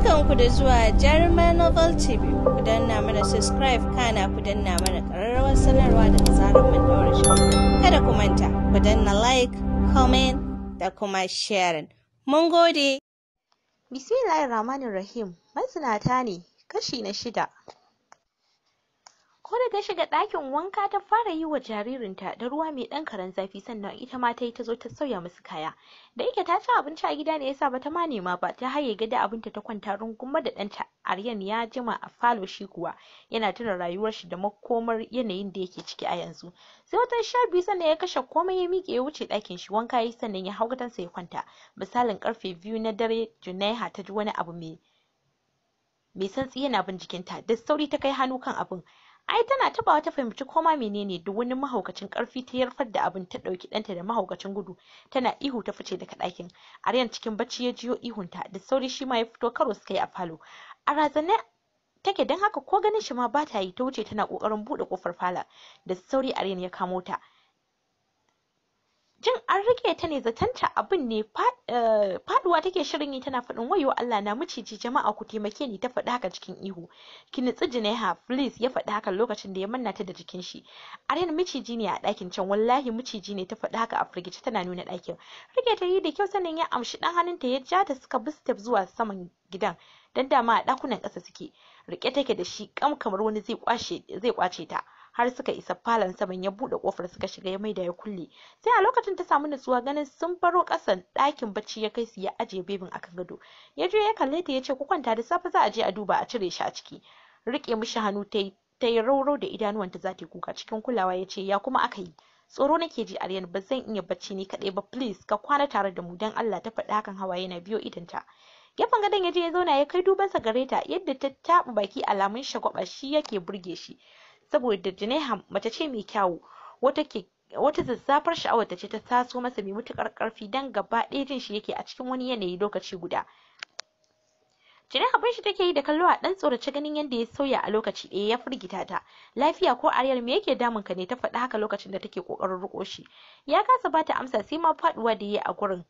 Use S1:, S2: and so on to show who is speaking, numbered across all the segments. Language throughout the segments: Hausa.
S1: barkanku da zuwa jarumar novel tv ku danna mana subscribe kana ku danna mana ƙararrawar sanarwa da tsarin mun daura shi kada ku manta ku danna like comment da kuma sharing mun gode bismillahir rahmanir rahim mazinata ne kashi na shida ko da ta shiga ɗakin wanka ta fara yi wa jaririnta da ruwa mai ɗan karen zafi sannan ita ma ta yi ta zo ta sauya musu kaya da yake ta ci abinci a gida ne yasa bata ma nema ba ta haye gada abinta ta kwanta runguma da ɗanta Aryan ya jima a falo shi kuwa yana tuna rayuwar shi da makomar yanayin da yake ciki a yanzu sai wata sha biyu sannan ya kashe komai ya miƙe ya wuce ɗakin shi wanka ya yi sannan ya hau gatansa ya kwanta misalin karfe biyu na dare Junaiha ta ji wani abu mai mai santsi yana bin jikinta da sauri ta kai hannu kan abin ai tana tabawa ta fahimci koma menene duk wani mahaukacin karfi ta yarfar da abin ta dauki danta da mahaukacin gudu tana ihu ta fice daga ɗakin aryan cikin bacci ya jiyo ihunta da sauri shi ma ya fito karo suka yi a falo a razane take don haka ko ganin shi ma ba ta yi ta wuce tana ƙoƙarin buɗe kofar fala da sauri aryan ya kamo ta jin an rike ta ne zatanta abin ne eh, faduwa take shirin yi tana faɗin wayo Allah na miciji jama'a ku taimake ni ta faɗi haka cikin ihu ki nitsi Junaiha please ya faɗi haka lokacin da ya manna ta da jikin shi Aryan miciji ne a ɗakin can wallahi miciji ne ta faɗi haka a firgici tana nuna ɗakin rike ta yi da kyau sanin ya amshi ɗan ta ya ja ta suka bi step zuwa saman gidan dan dama a ɗakunan ƙasa suke rike take da shi kam kamar wani zai kwace ta har suka isa falon saman ya buɗe kofar suka shiga ya maida ya kulle sai a lokacin ta samu nutsuwa ganin sun baro kasan ɗakin bacci ya kai su ya ajiye bebin akan gado ya je ya kalle ta ya ce ku kwanta da safe za a je a duba a cire shi a ciki Rike mishi hannu ta yi ta yi rauro da idanuwanta za ta yi kuka cikin kulawa ya ce ya kuma aka yi tsoro nake ji aryan ba zan iya bacci ni kaɗai ba please ka kwana tare da mu dan allah ta faɗa hakan hawaye na biyo ta. gefen gadon ya je ya zauna ya kai dubansa gare ta yadda ta taɓa baki alamun shagwaba shi yake burge shi saboda Jineham mace ce mai kyawu wata ke wata zazzafar sha'awar ta ce ta taso masa mai mutukar karfi dan gaba ɗaya jin shi yake a cikin wani yanayi lokaci guda Jineham bin shi take yi da kallo a dan tsorace ganin yadda ya sauya a lokaci ɗaya ya firgita ta lafiya ko ariyar me yake damun ka ne ta faɗi haka lokacin da take kokarin riko shi ya kasa ta amsa sai ma faduwa da yi a gurin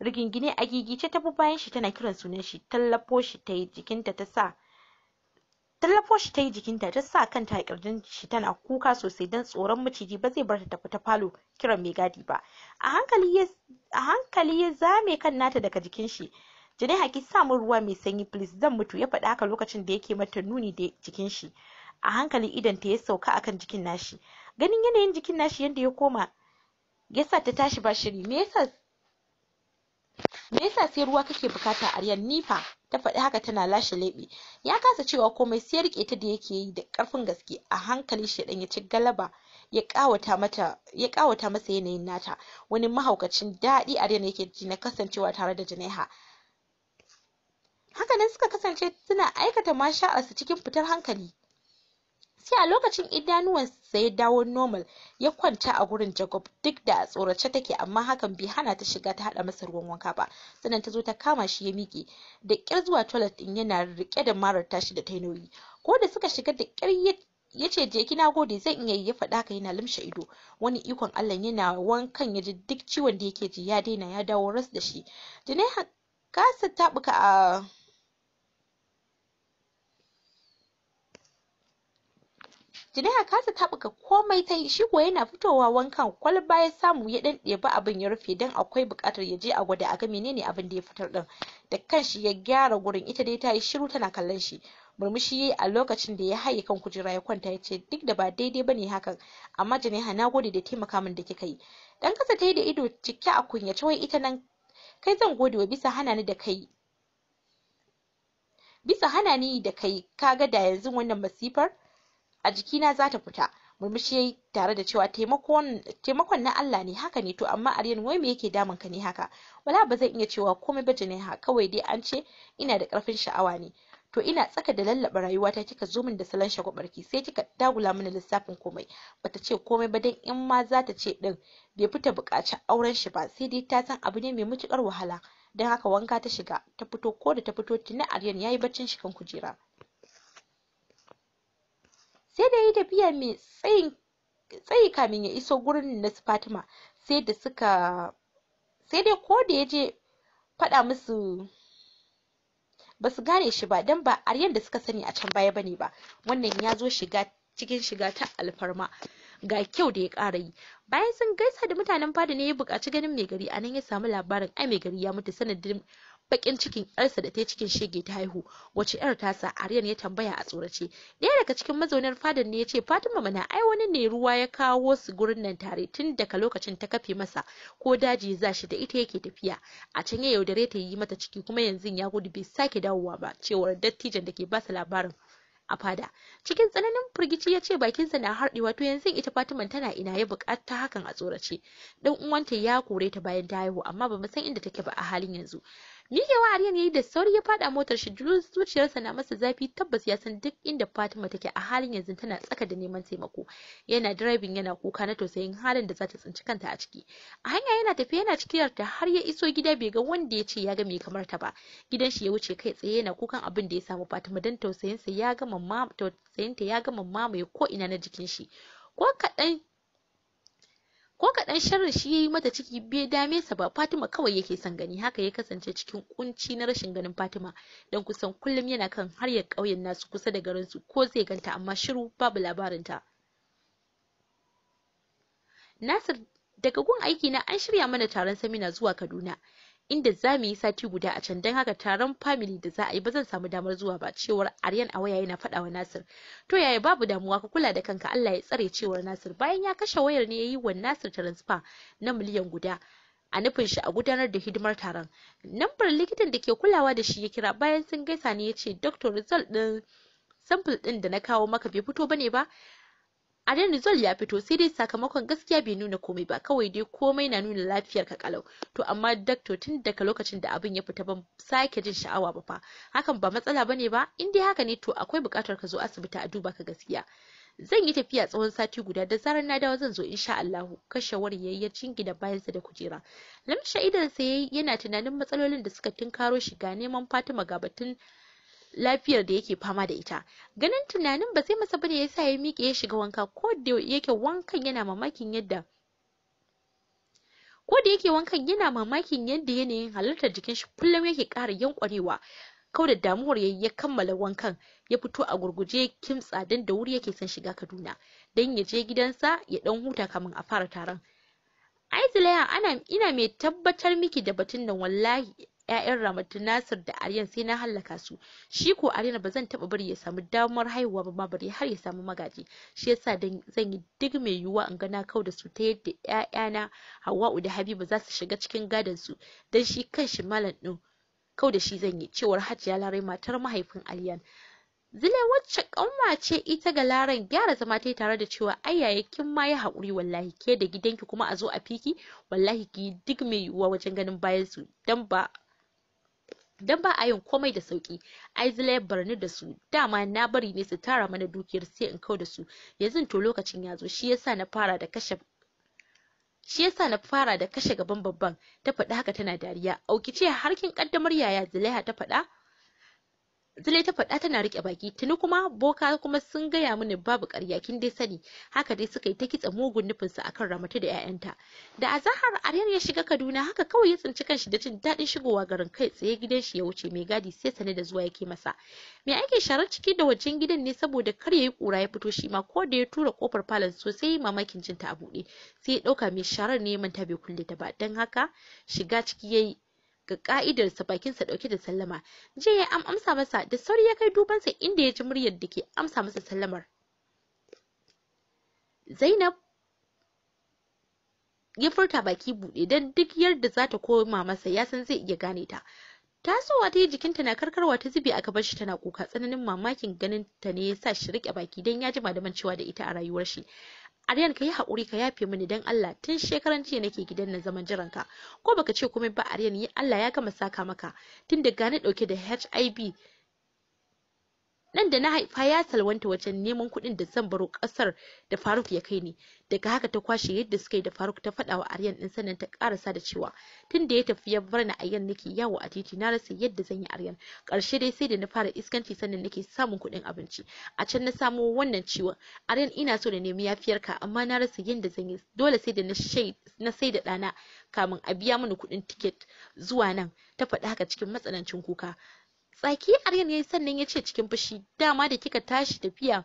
S1: rigingine a gigice ta bi bayan shi tana kiran sunan shi tallafo shi ta yi jikinta ta sa tallafo shi ta yi jikinta ta sa kanta a kirjin shi tana kuka sosai don tsoron maciji ba zai bar ta tafi ta falo kiran mai gadi ba a hankali ya zame kan nata daga jikin shi jini haki samun ruwa mai sanyi please zan mutu ya faɗa haka lokacin da yake mata nuni da jikin shi a hankali idan ta ya sauka akan jikin nashi ganin yanayin jikin nashi yadda ya koma yasa ta tashi ba shiri me yasa me yasa sai ruwa kake bukata a ni nifa ta faɗi haka tana lashe leɓe ya kasa cewa komai sai rike ta da yake yi da ƙarfin gaske a hankali shedan ya ci galaba ya ƙawata mata ya kawata masa yanayin nata wani mahaukacin daɗi aryan yake ji na kasancewa tare da janeha haka nan suka kasance suna aikata masha'arsu cikin fitar hankali sai a lokacin idanuwan sa ya dawo normal ya kwanta a gurin jacob duk da a tsorace take amma hakan bai hana ta shiga ta hada masa ruwan wanka ba sannan ta zo ta kama shi ya miƙe da ƙyar zuwa toilet din yana rike da marar tashi da ta nauyi ko da suka shiga da ƙyar ya ce je kina gode zan iya ya faɗa ka yana limshe ido wani ikon allah yana wankan ya ji duk ciwon da yake ji ya daina ya dawo ras da shi da kasa tabuka a Juliya kasa taɓuka komai ta yi shi kuwa yana fitowa wankan kwalba ya samu ya dan ɗebi abin ya rufe dan akwai buƙatar ya je a gwada a ga menene abin da ya fitar ɗin Da kanshi ya gyara gurin ita dai ta yi shiru tana kallon shi. Murmushi yayi a lokacin da ya haye kan kujera ya kwanta ya ce duk da ba daidai ne hakan amma Juliya na gode da taimaka min da kika yi. Dan kasa ta yi da ido cike a kunyace wai ita nan kai zan gode wa bisa hana ni da kai bisa hana ni da kai kaga da yanzu wannan masifar a jikina za ta fita murmushi yayi tare da cewa taimakon na Allah ne haka ne to amma Aryan wai me yake damun ka ne haka wala ba zan iya cewa komai ba ne ha kawai dai an ce ina da karfin sha'awa ne to ina tsaka da lallaba rayuwata kika zo min da salon barki sai kika dagula mini lissafin komai bata ce komai ba dan in ma za ta ce din bai fita bukaci auren shi ba sai dai ta san abu ne mai matukar wahala Dan haka wanka ta shiga ta fito ko da ta fito tuni Aryan yayi baccin shi kan kujera sai da yi tafiya mai tsayi kamin ya iso gurin na su Fatima sai da suka sai dai ko da ya je faɗa musu ba su gane shi ba don ba aryan da suka sani a can baya bane ba wannan ya zo shiga cikin shiga ta alfarma ga kyau da ya ƙara yi bayan sun gaisa da mutanen fada ne ya buƙaci ganin mai gari a nan ya samu labarin ai mai gari ya mutu sanadin bakin cikin yarsa da ta cikin shege ta haihu wace yar tasa Aryan ya tambaya a tsorace ɗaya daga cikin mazaunar fadar ne ya ce Fatima mana ai wani ne ruwa ya kawo su gurin nan tare tun daga lokacin ta kafe masa ko daji za shi da ita yake tafiya a can ya yaudare ta yi mata ciki kuma yanzu ya gudu bai sake dawowa ba cewar dattijan da ke ba su labarin a fada cikin tsananin firgici ya ce bakinsa na harɗewa to yanzu ita Fatima tana ina ya bukata hakan a tsorace dan uwanta ya kore ta bayan ta haihu amma ba san inda take ba a halin yanzu Miƙewa Aryan yayi da sauri ya faɗa motar shi zuciyarsa na masa zafi tabbas ya san duk inda Fatima take a halin yanzu tana tsaka da neman taimako. Yana driving yana kuka na tausayin halin da za ta tsinci kanta a ciki. A hanya yana tafiya yana cikin ta har ya iso gida bai ga wanda ya ce ya ga mai kamar ta ba. Gidan shi ya wuce kai tsaye yana kukan abin da ya samu Fatima dan tausayin ya ga mamma tausayin ta ya gama mamaye ko ina na jikin shi. Ko kaɗan ko kaɗan sharrin shi ya yi mata ciki bai dame sa ba Fatima kawai yake son gani haka ya kasance cikin kunci na rashin ganin Fatima dan kusan kullum yana kan har ya ƙauyen nasu kusa da garin su ko zai ganta amma shiru babu labarin ta Nasir daga gun aiki na an shirya mana taron samina zuwa Kaduna inda za mu yi sati guda a can don haka taron family da za a yi ba zan samu damar zuwa ba cewar Aryan a waya yana faɗa wa Nasir. To yaya babu damuwa ka kula da kanka Allah ya tsare cewar Nasir bayan ya kashe wayar ne ya yi wa Nasir transfer na miliyan guda. a nufin shi a gudanar da hidimar taron lambar likitan da ke kulawa da shi ya kira bayan sun gaisa ne ya ce doctor result din sample din da na kawo maka bai fito ne ba Adan result ya fito sai dai sakamakon gaskiya bai nuna komai ba kawai dai komai na nuna lafiyar ka kalau to amma dakto tun daga lokacin da abin ya fita ban sake jin sha'awa ba fa hakan ba matsala bane ba in dai haka ne to akwai bukatar ka zo asibiti a duba ka gaskiya zan yi tafiya tsawon sati guda da zarar na dawo zan zo insha Allahu kashe yayi ya bayan sa da kujera lamsha idan sai yana tunanin matsalolin da suka tunkaro shi ga neman Fatima ga batun lafiyar da yake fama da ita ganin tunanin ba sai masa bane yasa ya miƙe ya shiga wanka ko da yake wankan yana mamakin yadda ko da yake wankan yana mamakin yadda yanayin halartar jikin shi kullum yake ƙara yankwarewa kau da damuwar yayi ya kammala wankan ya fito a gurguje kimtsa dan da wuri yake son shiga Kaduna dan ya je gidansa ya dan huta kamin a fara taron Aizilaya ana ina mai tabbatar miki da batun nan wallahi ƴaƴan Ramatu Nasir da Aryan sai na hallaka su shi ko Aryan ba zan taba bari ya samu damar haihuwa ba bari har ya samu magaji shi yasa zan yi duk mai yiwuwa in gana na kau da su ta yadda ƴaƴana Hawwa'u da Habiba za su shiga cikin gadon su dan shi kanshi malam din kau da shi zan yi cewar Hajiya Larai matar mahaifin aryan Zile wacce kanwa ce ita ga laran gyara zama ta tare da cewa ayyaye kin ma ya haƙuri wallahi ke da gidanki kuma a zo a fiki wallahi ki duk mai yiwuwa wajen ganin bayan su dan ba don ba a yin komai da sauki aizile barni da su dama na bari ne su tara mana dukiyar sai in kau da su yanzu to lokacin ya zo shi yasa na fara da kashe na fara da kashe gaban babban ta faɗa haka tana dariya aukice harkin har kaddamar yaya zulaiha ta faɗa Zule ta faɗa tana riƙe baki tuni kuma boka kuma sun gaya mini babu ƙarya kin dai sani haka dai suka yi ta kitsa mugun nufin su akan ramatu da ƴaƴanta. Da azahar Aryan ya shiga Kaduna haka kawai ya tsinci kanshi da jin daɗin shigowa garin kai tsaye gidan shi ya wuce mai gadi sai sane da zuwa yake masa. Mai ake sharar ciki da wajen gidan ne saboda kar ya yi ƙura ya fito shi ma ko da ya tura kofar falon sosai mamakin jinta a buɗe sai ya ɗauka mai sharar ne ta bai kulle ta ba don haka shiga ciki ya yi ga ka'idarsa bakinsa dauke da sallama jiya ya amsa masa da sauri ya kai duban dubansa inda ya ji muryar da ke amsa masa sallamar zainab ya furta baki buɗe don duk yarda za ta koma masa ya san zai iya gane ta tasowa ta yi jikinta na karkarwa ta zube a gaban shi tana kuka tsananin mamakin ganin ta ne ya sa shi rike baki don ya ji da cewa da ita a rayuwar shi Aryan ka yi haƙuri ka yafe mini dan Allah tun shekaran jiya nake gidan na zaman jiran ka ko baka ce komai ba Aryan yi Allah ya gama saka maka tun da gani dauke da HIV nan da na haifa ya salwanta wajen neman kuɗin da zan baro ƙasar da Faruk ya kai ni daga haka ta kwashe yadda suka yi da Faruk ta faɗa Aryan din sannan ta karasa da cewa tun da ya tafi ya bar ni yan nake yawo a titi na rasa yadda zan yi Aryan karshe dai sai da na fara iskanci sannan nake samun kuɗin abinci a can na samo wannan ciwon Aryan ina so da nemi ka amma na rasa yadda zan yi dole sai da na na sai da ɗana kamin a biya mini kuɗin tiket zuwa nan ta faɗi haka cikin matsanancin kuka tsaki aryan yayi sannan ya ce cikin fushi dama da kika tashi tafiya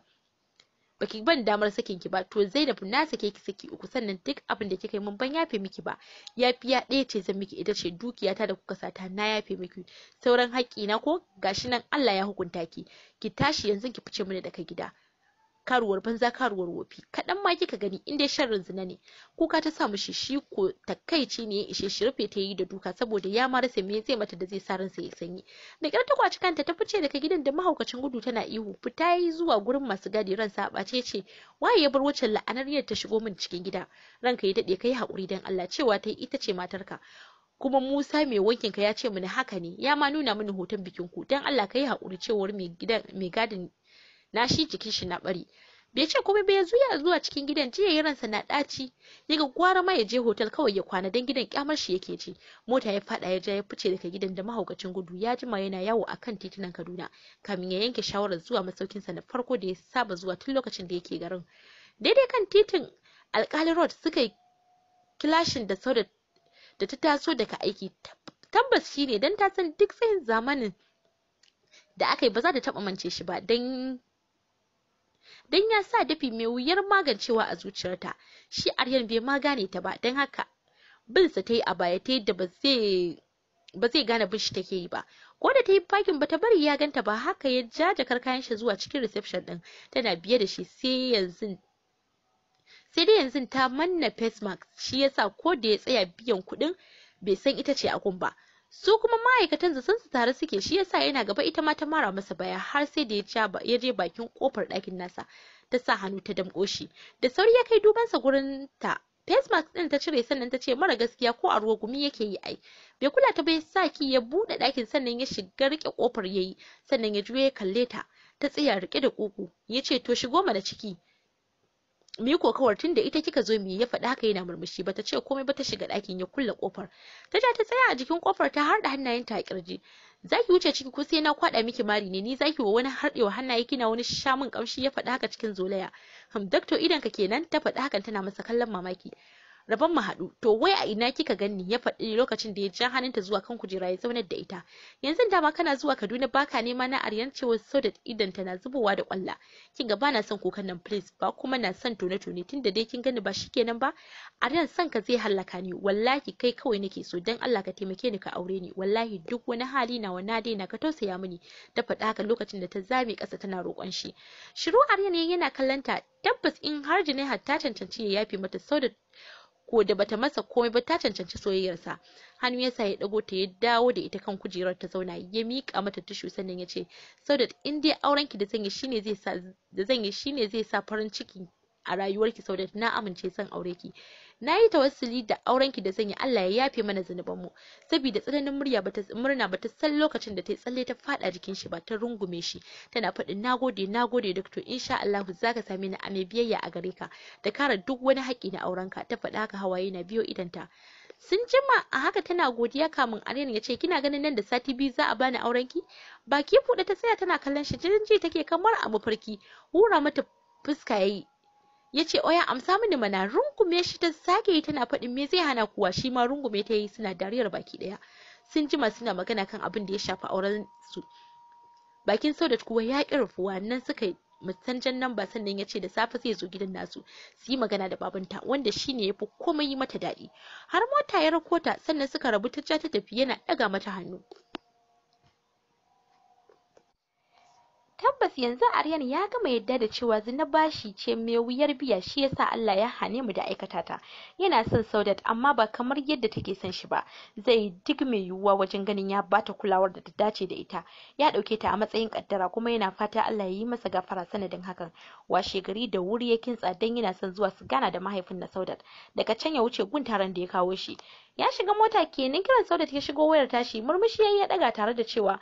S1: baki ban damar sakin ki ba to Zainab na sake ki saki uku sannan duk abin da kika yi mun ban yafe miki ba ya ɗaya ce zan miki ita ce dukiyata da kuka sata na yafe miki sauran haƙƙi na ko gashi nan Allah ya hukunta ki ki tashi yanzu ki fice mini daga gida karuwar banza karuwar wofi kaɗan ma kika gani in dai sharrin zina ne kuka ta sa mishi shi ko takaici ne ya ishe shi rufe ta yi da duka saboda ya ma rasa me zai mata da zai sa ransa ya sanyi da ƙyar ta kwaci kanta ta fice daga gidan da mahaukacin gudu tana ihu fita yi zuwa gurin masu gadi ransa a ce waye ya bar wucin la'anar yadda ta shigo min cikin gida ranka ya daɗe kai haƙuri dan Allah cewa ta ita ce matarka kuma Musa mai wankin ka ya ce mini haka ne ya ma nuna mini hoton bikin ku dan Allah kai haƙuri cewar mai gidan mai gadin na shi jikin shi na bari bai ce komai ba ya zuya zuwa cikin gidan jiya ya ransa na daci ya ga gwara ma ya je hotel kawai ya kwana dan gidan kyamar shi yake ji mota ya fada ya ja ya fice daga gidan da mahaukacin gudu ya jima yana yawo akan titunan Kaduna kamin ya yanke shawarar zuwa masaukin sa na farko da ya saba zuwa tun lokacin da yake garin daidai kan titin alkali road suka yi kilashin da sau da ta taso daga aiki tabbas shine dan ta san duk tsayin zamanin da aka yi ba za ta taba mance shi ba dan don ya sa dafi mai wuyar magancewa a zuciyarta shi aryan bai ma gane ta ba don haka binsa ta yi a baya ta yadda ba zai ba zai gane bishi take yi ba ko da ta yi fakin ba ta bari ya ganta ba haka ya ja jakar kayan shi zuwa cikin reception din tana biye da shi sai yanzu dai yanzu ta manna face mask shi yasa ko da ya tsaya biyan kuɗin bai san ita ce a kun ba su kuma ma'aikatan da su tare suke shi yasa yana gaba ita ma ta mara masa baya har sai da ya ya je bakin kofar ɗakin nasa ta sa hannu ta damƙo da sauri ya kai dubansa gurin ta face mask ɗin ta cire sannan ta ce mara gaskiya ko a ruwa gumi yake yi ai bai kula ta bai sa ki ya buɗe ɗakin sannan ya shiga riƙe ƙofar yayi sannan ya juya ya kalle ta ta tsaya riƙe da ƙugu ya ce to shigo mana ciki mi kokawar da ita kika zo mi ya faɗa haka yana murmushi bata ce komai ba ta shiga ɗakin ya kulle kofar ta ja ta tsaya a jikin kofar ta harda hannayenta a kirji zaki wuce ciki ko sai na kwaɗa miki mari ne ni zaki wa wani hardewa hannaye kina wani shamun kamshi ya faɗa haka cikin zolaya ham doctor idan ka kenan ta faɗa hakan tana masa kallon mamaki rabon mu haɗu to wai a ina kika ganni ya faɗi lokacin da ya ja hannunta zuwa kan kujera ya zaunar da ita yanzu dama kana zuwa Kaduna baka nema na aryan cewa da idan na zubowa da kwalla kin ga bana son kukan nan please ba kuma na son tone tone tunda dai kin gani ba shikenan ba aryan son ka zai hallaka ni wallahi kai kawai nake so dan Allah ka taimake ni ka aure ni wallahi duk wani hali nawa na daina ka tausaya mini ta faɗa haka lokacin da ta zame ƙasa tana roƙon shi shiru aryan yana kallanta tabbas in har Junaihat ta cancanci ya yafe mata Saudat ko da bata masa komai ba ta cancanci soyayyarsa hannu ya sa ya dago ta ya dawo da ita kan kujerar ta zauna ya miƙa mata tushu sannan ya ce saudat in dai auren ki da zan yi shine zai sa zai sa farin ciki a rayuwarki saudat na amince zan aure ki Na nayi tawassuli da aurenki da zan yi Allah ya yafe mana mu saboda tsananin murya bata murna ba ta san lokacin da ta tsalle ta fada jikin shi ba ta rungume shi tana faɗin nagode nagode doctor insha Allah zaka same ni a mai biyayya a gare ka da kare duk wani haƙi na aurenka ta faɗa ka hawaye na biyo idanta sun jima a haka tana godiya kamun Aryan ya ce kina ganin nan da sati biyu za a bani aurenki baki buɗe ta tsaya tana kallon shi jirin ji take kamar a mafarki hura mata fuska yayi ya ce oya amsa mini mana rungume shi ta sake yi tana faɗin me zai hana kuwa shi ma rungume ta yi suna dariyar baki ɗaya sun jima suna magana kan abin da ya shafi auren su bakin saudat kuwa ya ƙi rufuwa nan suka yi mutanjan nan ba sannan ya ce da safe zai zo gidan nasu su yi magana da babanta wanda shine ya fi komai yi mata daɗi har mota ya rakota sannan suka rabu ta ta tafi yana ɗaga mata hannu tabbas yanzu Aryan ya gama yadda da cewa zina bashi ce mai wuyar biya shi yasa Allah ya hane mu da aikata ta yana son Saudat amma ba kamar yadda take son shi ba zai duk mai yiwuwa wajen ganin ya bata kulawar da ta dace da ita ya dauke ta a matsayin kaddara kuma yana fata Allah ya yi masa gafara sanadin hakan washe gari da wuri ya kintsa dan yana son zuwa su gana da mahaifin na Saudat daga can ya wuce gun taron da ya kawo shi ya shiga mota kenan kiran Saudat ya shigo wayar tashi murmushi ya daga tare da cewa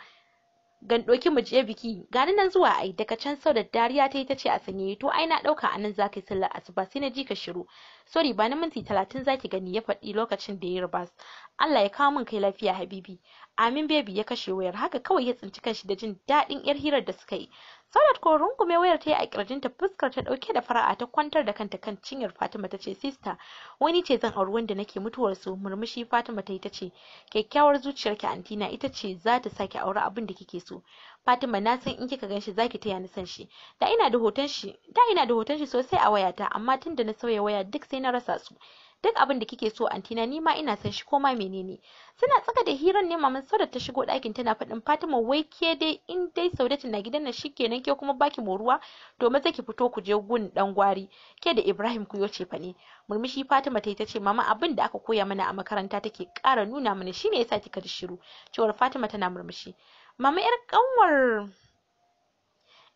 S1: gan doki mu je biki gani nan zuwa ai daga can sau da dariya ta yi ta ce a sanye to ai na dauka a nan zaka yi sallar asuba sai na ji ka shiru sorry ba na minti talatin zaki gani ya faɗi lokacin da ya yi rubas Allah ya kawo min kai lafiya habibi amin baby ya kashe wayar haka kawai ya tsinci kanshi da jin daɗin yar hirar da suka yi saurat ko rungume wayar ta yi a kirjinta fuskar ta dauke da fara'a ta kwantar da kanta kan cinyar Fatima ta ce sister wani ce zan auri wanda nake mutuwar su murmushi Fatima ta yi ta ce kyakkyawar zuciyarki antina ita ce za ta sake aure abin da kike so Fatima na san in kika ganshi zaki taya ni san shi da ina da hoton shi da ina da hoton shi sosai a wayata amma tunda na sauya waya duk sai na rasa su duk abin da kike so antina ni ma ina san shi koma menene suna tsaka da hirar ne maman sauda ta shigo ɗakin tana faɗin Fatima wai ke dai in dai Saudatu na gidan nan shikenan ke kuma baki moruwa to maza ki fito ku je gun dan gwari ke da Ibrahim ku yoce fa ne murmushi Fatima ta yi tace mama abin da aka koya mana a makaranta take ƙara nuna mana shine yasa kika ji shiru cewar Fatima tana murmushi mama yar kanwar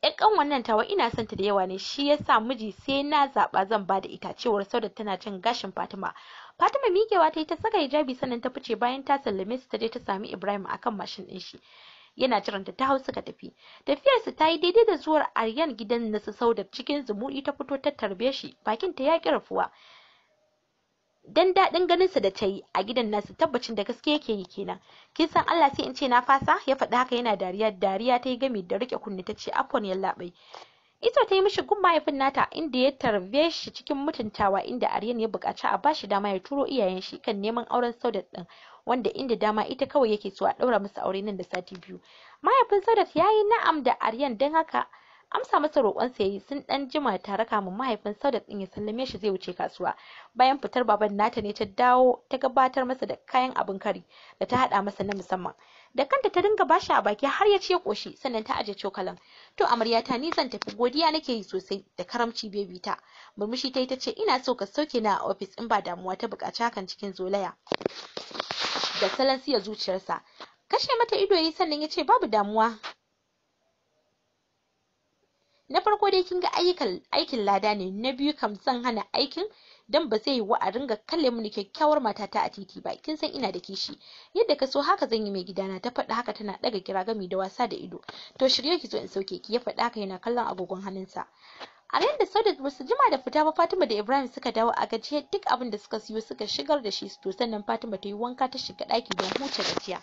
S1: yar wannan tawa ina son ta da yawa ne shi yasa miji sai na zaɓa zan bada ita cewar da tana cin gashin Fatima Fatima miƙewa ta yi ta saka hijabi sannan ta fice bayan ta sallame su ta je ta sami Ibrahim akan mashin din shi yana jiran ta hau suka tafi tafiyar su ta yi daidai da zuwar aryan gidan na su saudar cikin zumuɗi ta fito ta tarbe shi bakin ta ya ƙi rafuwa dan daɗin ganinsa da ta yi a gidan nasu tabbacin da gaske yake yi kenan kin san Allah sai in ce na fasa ya faɗi haka yana dariya dariya ta yi gami da rike kunne ta ce afwan yalla bai ita ta yi mishi gun mahaifin nata inda ya tarbe shi cikin mutuntawa inda Aryan ya buƙaci a bashi dama ya turo iyayen shi kan neman auren Saudat din wanda inda dama ita kawai yake so a ɗaura musu aure nan da sati biyu mahaifin Saudat ya yi na'am da Aryan don haka amsa masa roƙon sa yayi sun ɗan jima tare kamun mahaifin Saudat din ya sallame shi zai wuce kasuwa bayan fitar baban nata ne ta dawo ta gabatar masa da kayan abin kari da ta haɗa masa na musamman da kanta ta dinga bashi a baki har ya ce koshi sannan ta aje cokalin. to amaryata ni zan tafi godiya nake yi sosai da karamci baby ta murmushi ta yi ta ce ina so ka sauke na a ofis in ba damuwa ta buƙaci hakan cikin zolaya da salon siya zuciyarsa kashe mata ido yi sannan ya ce babu damuwa na farko dai kin ga ayyukan aikin lada ne na biyu kam zan hana aikin dan ba zai wa a ringa kalle mini kyakkyawar matata a titi ba kin san ina da kishi yadda ka so haka zan yi mai gidana ta faɗa haka tana ɗaga kira gami da wasa da ido to shirye ki zo in sauke ki ya faɗa haka yana kallon agogon hannunsa a da Saudat ba su jima da fita ba Fatima da Ibrahim suka dawo a gajiya duk abin da suka siyo suka shigar da shi to sannan Fatima ta yi wanka ta shiga ɗaki don huce gajiya.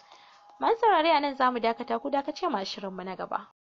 S1: Masu saurare a nan za mu dakata ku dakace ma mu na gaba.